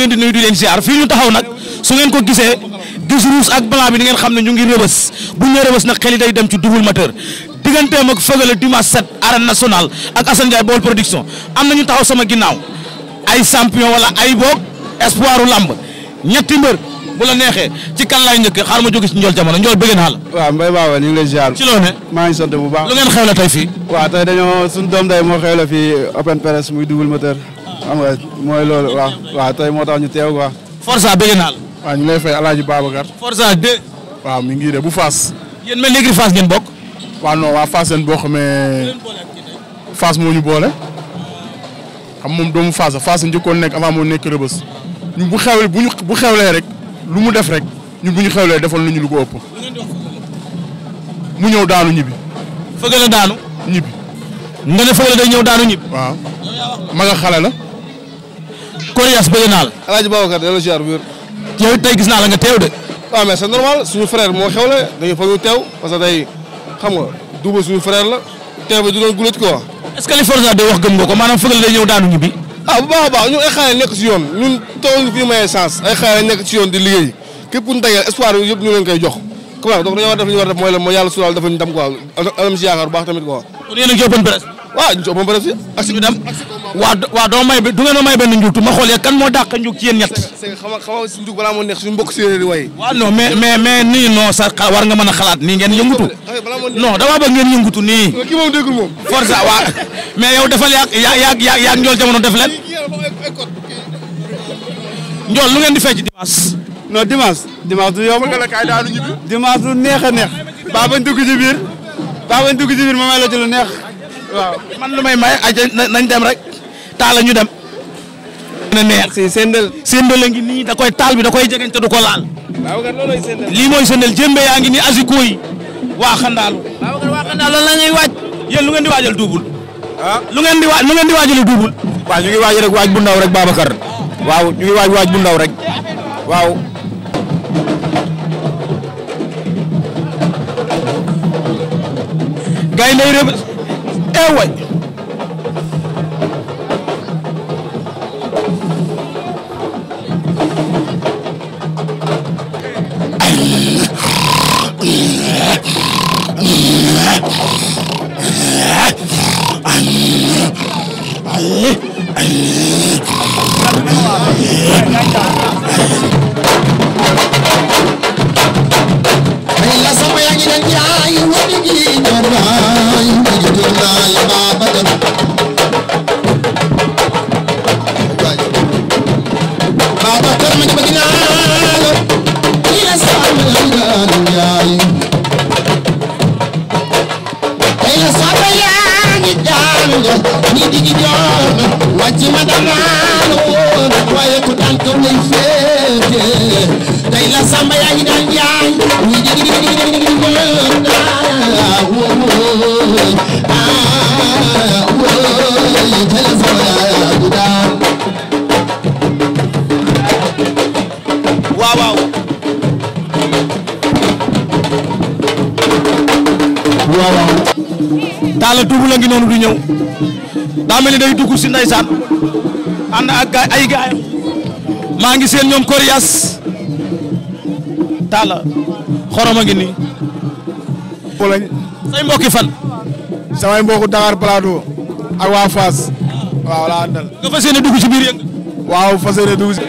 ngi leen di nuyu di leen ziar fii ñu taxaw nag su ngeen ko gisee gis rouge ak blanc bi ngeen xam ne ñu ngi rëbës bu ñu rëbës nag xel yi day dem ci double moteur digganteem ak Feugeleu dimanche 7 arène nationale ak Assane Ndiaye Baol production am na ñu taxaw sama ginnaaw ay champion wala ay boog espoiru lamb ñetti mbër bu la neexee ci kan laay njëkk xaar ma jóge ci njool jamono njool bëgg naa la. waaw Mbaye Ba ñu ngi lay ziar. ci loone maa bu baax. lu ngeen xew la tey fii. waaw tey dañoo suñu doom day moo xew la xam nga mooy loolu waaw waaw moo tax ñu teew quoi. Forza bëgg naa la. waaw ñu lay fay El Hadj Babacar. Forza waaw mi bu Fass. yéen mel léegi Fass ngeen bokk. waaw non waa Fass ngeen bokk mais Fass moo ñu boole. xam moom doomu Fass la Fass njëkkoon nekk avant moo nekk rëbës bu bu ñu bu xewlee rek lu mu def rek ñun bu ñu xewlee defal nañu lu ko ëpp. mu ñëw daanu ñibbi. fëgg la daanu. ñibbi. nga ne fëgg la ñëw daanu ñibbi. waaw ma nga xale Korias bëgg naa la. El Hadj Babacar delloo ziar bu wér. yow gis naa la nga teew de. waaw mais c'est normal suñu frère moo xew la nga duuba suñu daanu ñibbi. Ah, baax baax ñun ay xale nekk ci yoon ñun tool fi may chance ay xale nekk ci yoon di liggéey képp ku ñu dajeel espoir ñu leen koy jox comment donc dañoo def mooy la mooy yàlla sural dafa ñu dem quoi am si yaakaar baax tamit quoi. kon ñu ci open press ak si ñu dem waa waaw doo may du ngeen a may benn njug ma xool kan moo dàq njug ci yéen ñett. xama xama si njug balaa moo neex suñu mbokk séeréer yi waaye. mais mais mais nii non sa war nga mën a xalaat nii ngeen yëngutu. non dama bëgg ngeen yëngutu nii. kii moom déggul moom. force waaw mais yow defal yaag yaag yaag yaag njool jamono def leen. njool lu ngeen di fecc dimanche. non dimanche. dimanche du yomb dimanche neex a neex. baa bañ dugg ci biir. baa ma may la ci lu neex. waaw man lu may may nañ dem rek taala ñu dem. na neex si sendel sendel ngi nii da koy taal bi da koy jegeñ te ko laal. lii mooy sendel jëmbe yaa ngi nii asiko yi waa xandaalu. waaj. yéen lu ngeen di waajal duubul. Ah? lu ngeen di waaj lu di waajal duubul. waaw ñu ngi waaj rek waaj bu ndaw rek Babacar. waaw ñu ngi waaj waaj bu ndaw rek waaw. gaynde yi rëb eh Ay, ay, ay. la taala tuubu la ngi noonu du ñëw daa mel ni day dugg si ndeysaan ànd ak ay gaay maa ngi seen ñoom Korias Talla xorom a ngi nii. lañ. mbokki fan. samay mbokku Dakar Plateau. ak waa waaw laa àndal. nga fas yéene dugg ci biir yëngu. waaw fas yéene dugg ci.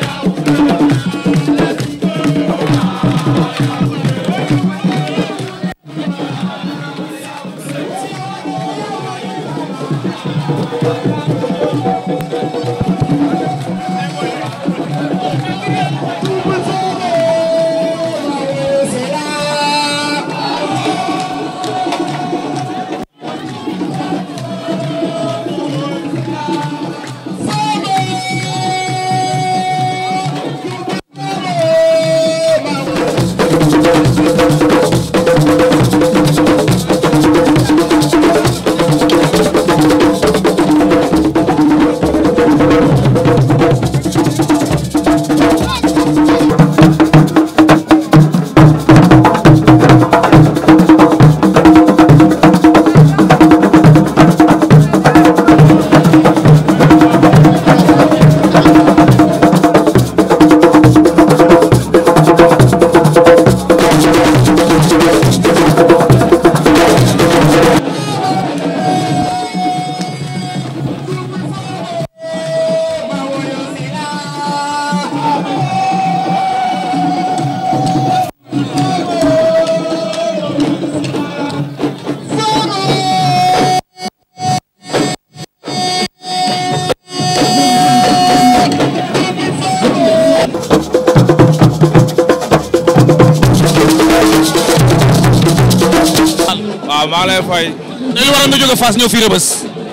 waroon na jóge Fass ñëw fii Rëbës.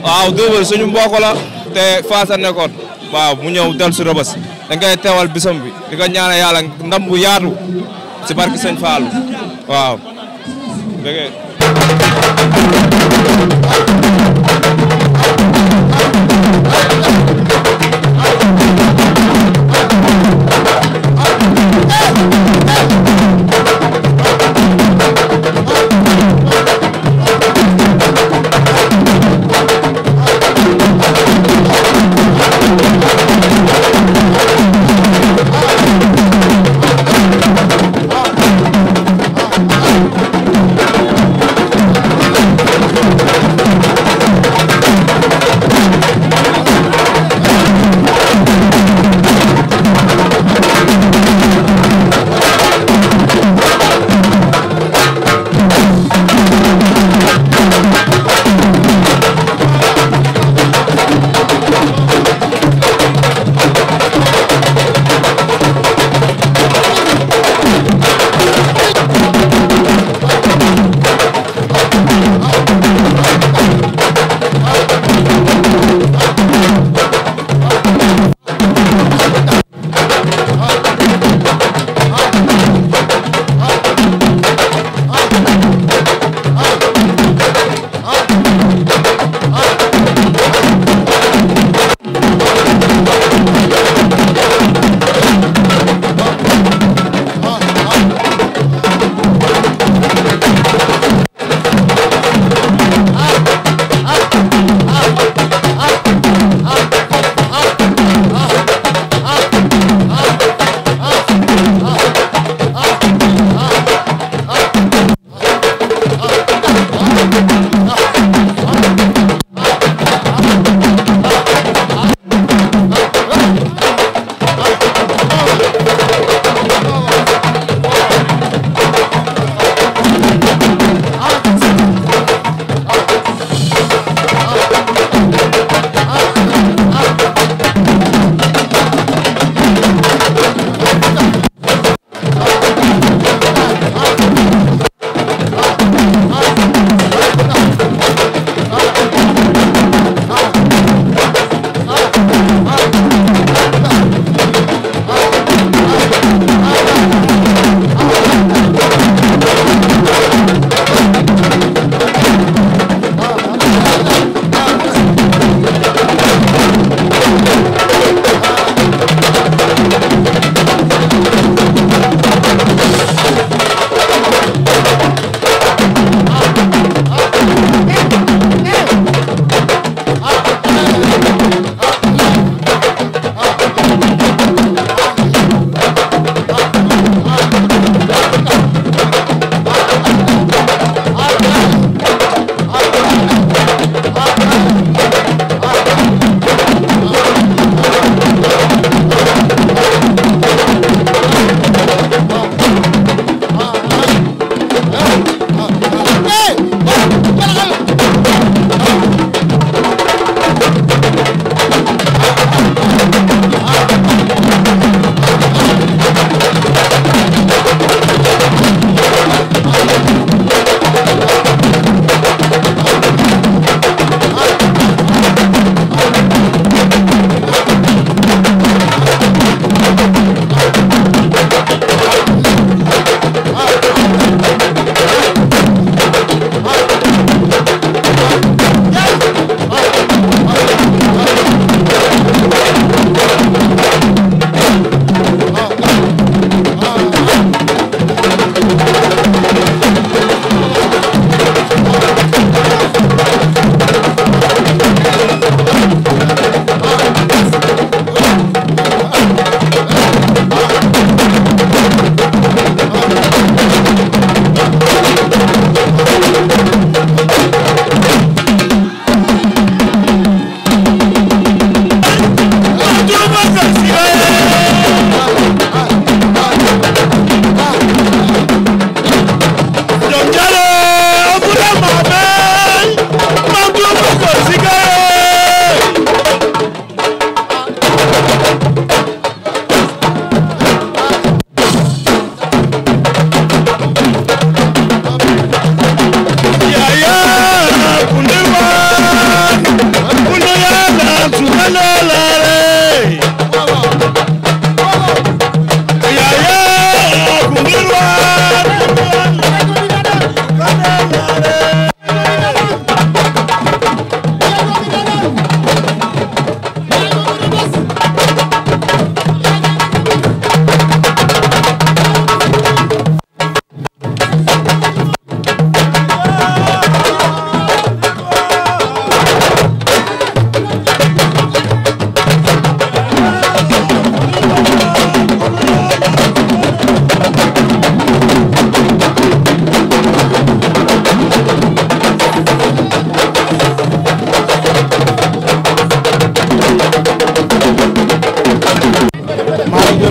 waaw Dóobal suñu mbokk te Fass a nekkoon waaw mu ñëw dal si Rëbës dañ koy teewal bisam bi di ko ñaanal yàlla ndam bu yaatu si barke Sëñ Fallou waaw.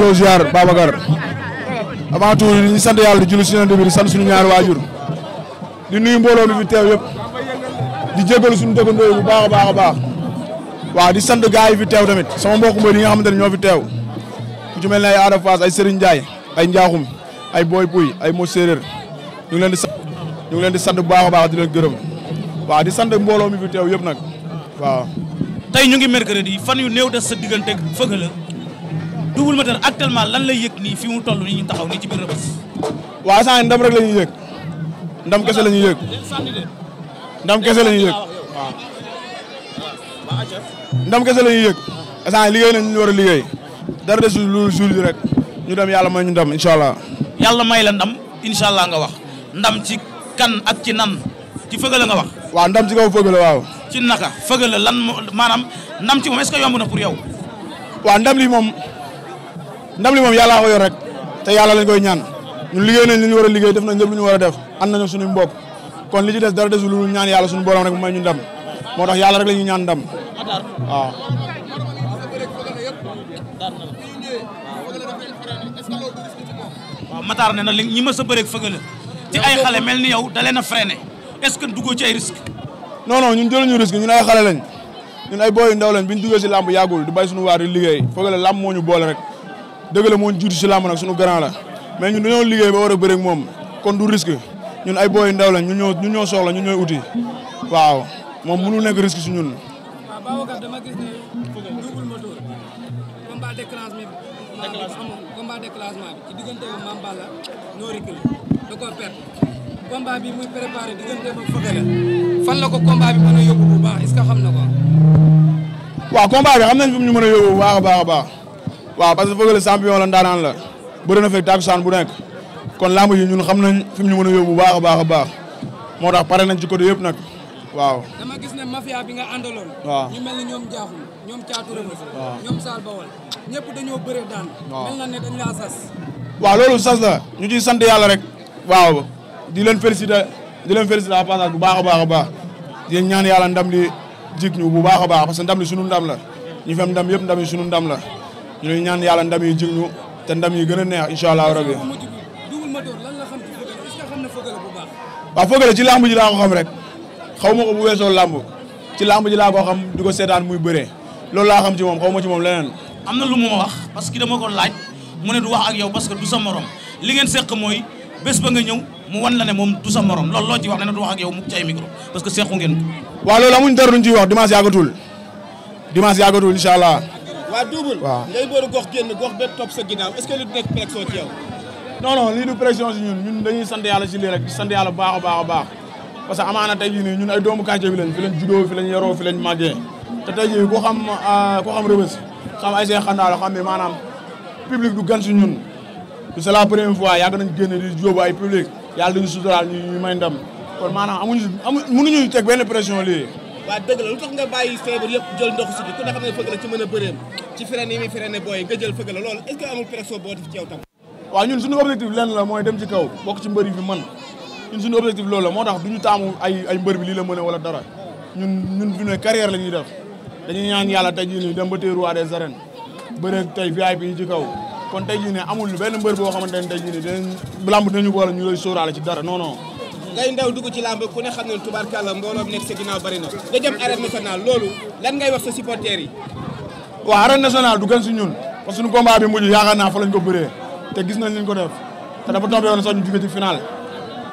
delloo ziar Babacar avant tout ñu sant yàlla di julli si yonent bi di sant suñu ñaari waajur di nuyu mbooloo mi fi teew yëpp di jégalu suñu dëggandoo bu baax baax a baax waaw di sant gars yi fi teew tamit sama mbokk mbër yi nga xamante ne ñoo fi teew ku ci mel ne ay Ada Fass ay Serigne Ndiaye ay Ndiakhum ay Boy Mo Séeréer ñu ngi leen di sant ñu ngi leen di sant bu baax a baax di leen gërëm waaw di sant mbooloo mi fi teew yëpp nag waaw. tey ñu ngi mercredi fan yu néew des sa diggante fëgg la Double Moteur actuellement lan lay yëg nii fi mu toll nii ñu taxaw nii ci biir waa waaw saa ndam rek la ñuy yëg ndam kese la ñu yëg ndam kese la la ñuy yëg saa liggéey nañ ñu war a liggéey dara de lu suul rek ñu dem yàlla may ñu ndam incha allah. yàlla may la ndam incha allah nga wax ndam ci kan ak ci nan ci fëgg la nga wax. waaw ndam ci kaw fëgg waaw. ci naka fëgg la lan maanaam ndam ci moom est-ce yomb na pour yow. waaw ndam li moom. ndam li moom yàllaa ko yor rek te yàlla lañ koy ñaan ñun liggéey nañ li ñu war a liggéey def nañ lépp lu ñu war a def am nañu suñu bopp kon li ci des dara desul lu ñaan yàlla suñu borom rek may ñu ndam moo tax yàlla rek la ñaan ndam waaw ne na li ñi ma sa bëreeg fëgale ci ay xale mel ni yow da leen a freiné est-ce que duggoo ci ay risque non non ñun jëluñu risque ñun ay xale lañ ñun ay booy yu ndaw lañ biñ duggee si làmb yàggul di bay suñu waar di liggéey fëgale làmb moo ñu boole rek dëgg la moo ñu nag suñu grand la mais ñun dañoo liggéey ba war a bëri moom kon du risque ñun ay booy ndaw la ñun ñoo ñun ñoo soxla ñun ñooy uti waaw moom mënul nekk risque si ñun. combat bi muy préparé diggante ba Feugeula fan la ko combat bi mën a yóbbu bu baax est-ce que xam na ko. waaw combat bi xam nañ fi mu ñu mën a yóbbu bu baax a baax a baax. waaw parce que Feugeuleu champion la ndaanaan la bëri na fekk tàkkusaan bu nekk kon lamb yi ñun xam na fi mu ñu mën a yóbbu bu baax baax a baax moo tax pare nañ ci côté yëpp nag waaw. dama gis ne ñu mel ni ñoom Diakhoum ñoom Thiatou Rebeus. waaw ñoom Sall Bawol ñëpp dañoo bëree daan. mel na ne dañ laa sas. waaw loolu sas la ñu ciy sant yàlla rek. waaw di leen féliciter di leen féliciter à bu baax a baax a baax di leen ñaan yàlla ndam li jig ñu bu baax a baax parce que ndam li sunu la ñu fem ndam yëpp ndam yi sunu ndam la ñu ñaan yàlla ndam yi jig ñu te ndam yi gën a neex incha allah rabi. waaw Feugueleu ci làmb ji laa ko xam rek xaw ma ko bu weesoo làmb ci làmb ji laa ko xam di ko seetaan muy bëree loolu laa xam ci moom xaw ma ci moom leneen. am na lu mu wax parce que dama ko laaj mu ne du wax ak yow parce que du sa morom li ngeen seq mooy bés ba nga ñëw mu wan la ne moom du sa morom loolu loo ci wax ne du wax ak yow mu ci ay micro parce que sequ ngeen ko. waaw loolu amuñ dara duñ ciy wax dimanche yàggatul waa double waaw ngay bëru gox génn gox bépp topp sa ginnaaw est-ce que li du nekk pression ci yow non non si ñun ñun dañuy sant yàlla si lii rek di sant baax a baax a baax parce que amaana tey jii ñun ay doomu quartier bi lañ fi lañ juddoo fi lañ yaroo fi lañ xam ku xam ah, rëbës xam ay seen xandaal xam ne maanaam public du gan si ñun c'est la première fois yàgg nañ génn di jóobu ay public yàlla dañu suturaal ñu may ndam kon maanaam amuñu amu mënuñu teg benn pression lii waaw dëgg la lu tax nga bàyyi feebar jël ndoxu si bi ku ne xam ne yi nga jël fëgg la loolu est ce que amul pression ñun suñu objectif lenn la mooy dem ci kaw bokk ci mbëri bi man ñun suñu objectif loolu moo tax du duñu taamu ay ay mbër bi lii la mën wala dara ñun ñun fi ne carrière la ñuy def dañu ñaan yàlla tey jii nii dem ba tey roi des arènes bëreeg tey VIP yi ci kaw kon tey jii ne amul benn mbër boo xamante ne tey jii ne dinañ lamb dinañu boole ñu lay sóoraale ci dara non ngay ndaw dugg ci làmb ku ne xam ne tubaarkàlla mbooloo nekk sa ginnaaw na nga jëm arène nationale loolu lan ngay wax sa supporters yi waaw arène nationale si ñun parce que suñu combat bi mujj yaakaar naa fa lañ ko bëree te gis nañ liñ ko def te dafa tombé woon sax ñu jóge ci final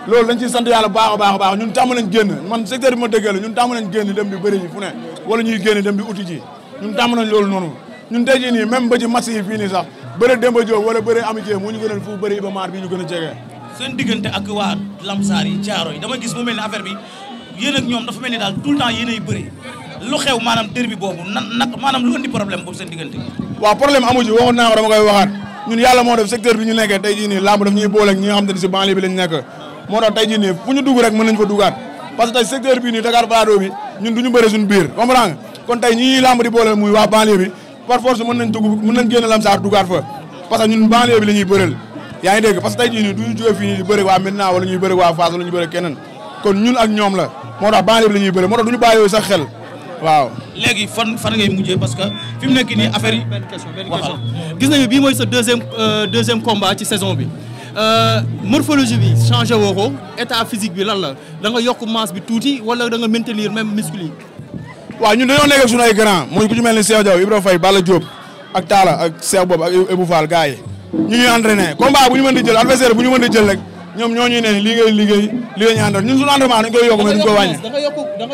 loolu dañ ciy sant yàlla bu baax a baax a baax ñun tàmm nañ génn man secteur bi ma déggee la ñun tàmm nañ génn dem di bëri ji fu wala ñuy génn dem di ñun tàmm nañ loolu noonu ñun tey jii nii même ba ci match yi fii nii bi ñu gën a seen diggante ak waa lamsaar yi caaro yi dama gis mu mel ni affaire bi yéen ak ñoom dafa mel ni daal tout temps yéenay bëri lu xew maanaam derby boobu nan nag lu andi problème boobu seen diggante. waaw problème amu ci waxoon naa ko dama koy waxaat ñun yàlla moo def secteur bi ñu nekkee tey jii nii làmb daf ñuy boole ak ñi nga xam te bi lañ nekk moo tax tey jii fu ñu dugg rek mën nañ fa dugaat parce tey secteur bii nii Dakar yaa ngi dégg parce que tey jii nii du ñu jógee ñu nii di bëri waa Medina wala ñuy bëri waa Fass wala ñuy bëri keneen kon ñun ak ñoom la moo tax baa la ñuy bëri moo tax du ñu bàyyi sax waaw. léegi fan fan ngay mujjee parce que fi mu nekk nii affaire yi. benn mooy sa deuxième euh, deuxième combat ci saison bi. Euh, morphologie bi changé woo ko état physique bi lan la da yokk masse bi tuuti wala da nga maintenir même muscle waaw ñun dañoo nekk suñu ay grand muy ku ci mel ni Cheikh Diaw Ibrahima Faye Balla Diop ak Talla ak Cheikh Bob ak gars yi ñu ngi entraîné combat bu ñu mën di jël adversaire bu ñu mën di jël rek ñoom ñoo ñuy ne lii liggéey lii la ñuy àndal ñun suñu entraînement dañ koy yokk mais duñ koy wàññi. da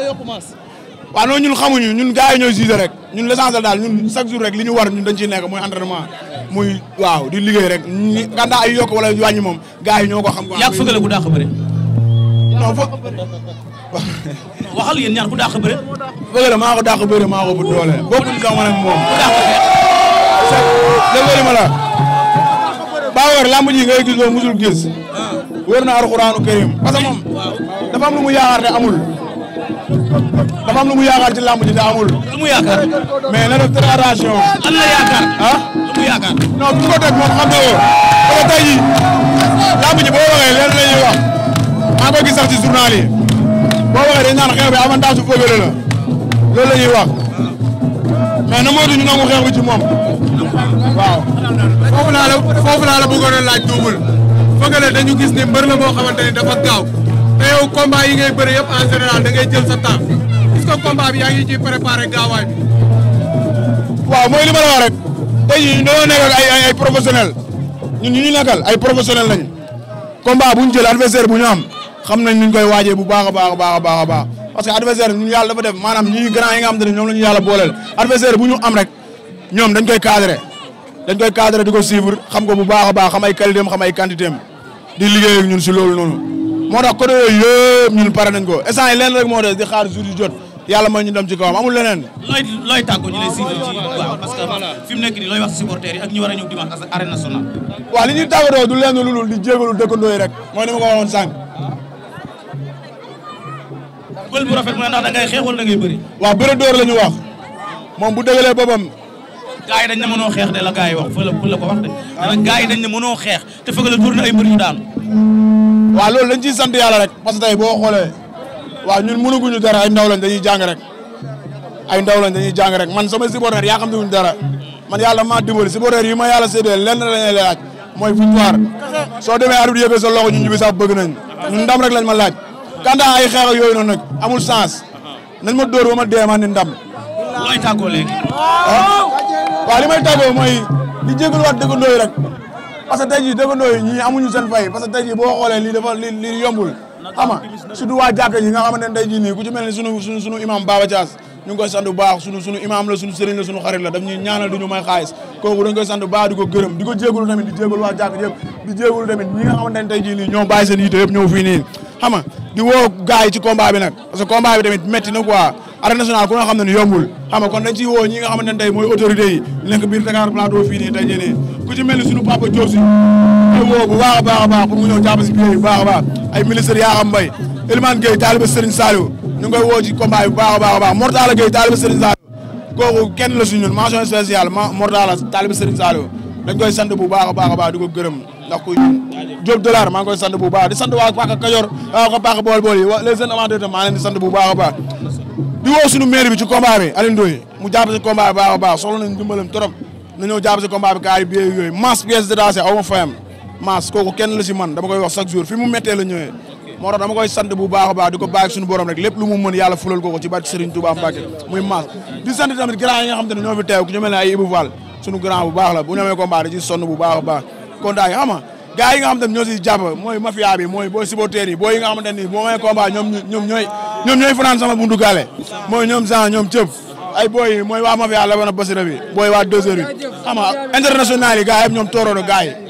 nga ñun xamuñu ñun gars yi ñooy rek ñun l'essentiel daal ñun chaque jour rek li ñu war ñun dañ ciy nekk muy entraînement muy waaw di liggéey rek ñi gàndaa yok yokk wala wàññi moom gars yi ñoo ko xam. yàgg fëgale ku dàq bëre. non fo. waxal yéen ñaar ku dàq bëre. fëgale maa ko dàq bëre maa ko bu doole bokkuñ sama la Babacar lamb ji ngay gis loolu musul gis wër na alxuraanu karim parce moom dafa am lu mu amul dafa am lu mu yaakaar amul. lu mais na def très attention. am na yaakaar ah. lu mu yaakaar non bu ko teg moom xam na ko boo waxee leen la ñuy wax maa ko gis sax boo waxee dañ xeex bi avantage su foogale la loolu la ñuy wax mais ñu nangu xeex bi ci moom. waaw foofu laa la foofu laa la a laaj Double Feugeleu dañu gis ni mbër la moo xamante dafa gaaw te yow combat yi ngay bëri yëpp en général da ngay jël sa temps est-ce que combat bi yaa ngi ciy préparé gaawaay waaw mooy li rek tey jii dañoo nekk ak ay ay professionnel ñun ñu ñu nekkal ay professionnel lañu combat bu ñu jël adversaire bu ñu am xam nañ nuñ koy waajee bu baax a baax a baax a baax parce que adversaire ñun yàlla dafa def maanaam ñi grand yi nga xam te ne ñoom la ñu yàlla booleel adversaire bu ñu am rek. ñoom dañ koy cadré dañ koy cadré di ko suivre xam ko bu baax a baax xam ay qualité am xam ay quantité am di liggéey ak ñun si loolu noonu moo tax côté yooyu yëpp ñun pare nañ ko instant yi leen moo des di xaar jour yu jot yàlla mooy ñu dem ci kawam amul leneen. looy looy tàggoo ñu lay suivre ci que fi mu nekk nii ñu war a ñëw dimanche à l'arène nationale. waaw li ñuy tàggatoo du lenn lu dul di jégalu rek mooy ni ma ko waxoon sànq. bël bu rafet mu ne ndax da ngay door la ñu wax moom bu dëgalee boppam gars yi dañ ne mënoo xeex de la gars yi ko wax de. waaw mënoo xeex te fëgg la tur na ay mbër yu daanu. waaw loolu dañ ciy sant yàlla rek parce que boo xoolee waaw ñun mënaguñu dara ay ndaw lañ dañuy jàng rek ay ndaw lañ dañuy jàng rek man sama supporter yaa xam ne wuñ dara man yàlla maa dimbali supporter yi ma yàlla séddee lenn lañuy laaj mooy victoire soo demee arbitre yëfee sa loxo ñun ñu bi sax bëgg nañ ñun ndam rek lañ ma laaj kanta ay xeex yooyu noonu nag amul sens nañ ma door ba ma dee ma ni ndam looy waaw ma may tàggoo mooy li jégalu waat dëggandoo yi rek parce que tey jii ñii amuñu seen fay parce que tey jii li yombul xam surtout waa jàkka yi nga xamante ne tey jii nii ni sunu imam Baba Thiass ñu ngi sunu imam la sunu sëriñ la sunu xarit la daf ñuy ñaanal du ñu may xaalis kooku dañ koy sant bu baax ko gërëm di ko jégalu tamit di jégalu di jégalu tamit ñi nga xamante ne tey jii ñoo bàyyi seen yite yëpp ñëw fii nii xam di woo gars ci combat bi nag arène nationale ku nga xam ne ni yombul xam kon dañ ciy woo ñi nga xamante ne tey mooy autorité yi nekk biir Dakar plateau fii nii nii ku ci mel ni papa Diop si ñu woo bu baax a a baax pour mu ñëw jàpp a xam mbay Elimane Gueye taaliba Serigne Saliou ñu ngi koy woo ci combat bu baax a baax a baax Mortala Gueye taaliba Serigne Saliou kooku kenn la suñu ñun mention spéciale Mortala taaliba Serigne Saliou dañ koy sant bu baax a baa a baax di ko gërëm ndax ku Diop dollar maa ngi koy bu baa di sant waa Paka bu baax baax di woo suñu maire bi ci combat bi Alioune Ndoye mu jàpp si combat bi baax a baax soxla nañ dimbalam trop na ñëw si combat bi kaay bi yooyu masse pièce détachée aw ma fayam masse kooku kenn la si man dama koy wax chaque jour fi mu méttee la ñëwee moo tax dama koy sant bu baax a baax di ko bàyyi suñu borom rek lépp lu mu mën yàlla fulal ko ko ci barke Serigne Touba Mbacké muy masse di sant tamit grand yi baax la bu ñamee bu baax a baax kontaan yi xam gars yi nga xamante ne ñoo si jàpp mooy mafia bi mooy booy supporters yi booy yi nga xamante ne boo may combat ñoom ñoom ñooy ñoom ñooy fanaan sama buntu gaale mooy ñoom Jean ñoom Thiep ay booy mooy waa mafia la woon a basira bi booy waa deux heures yi xam nga international yi gars yi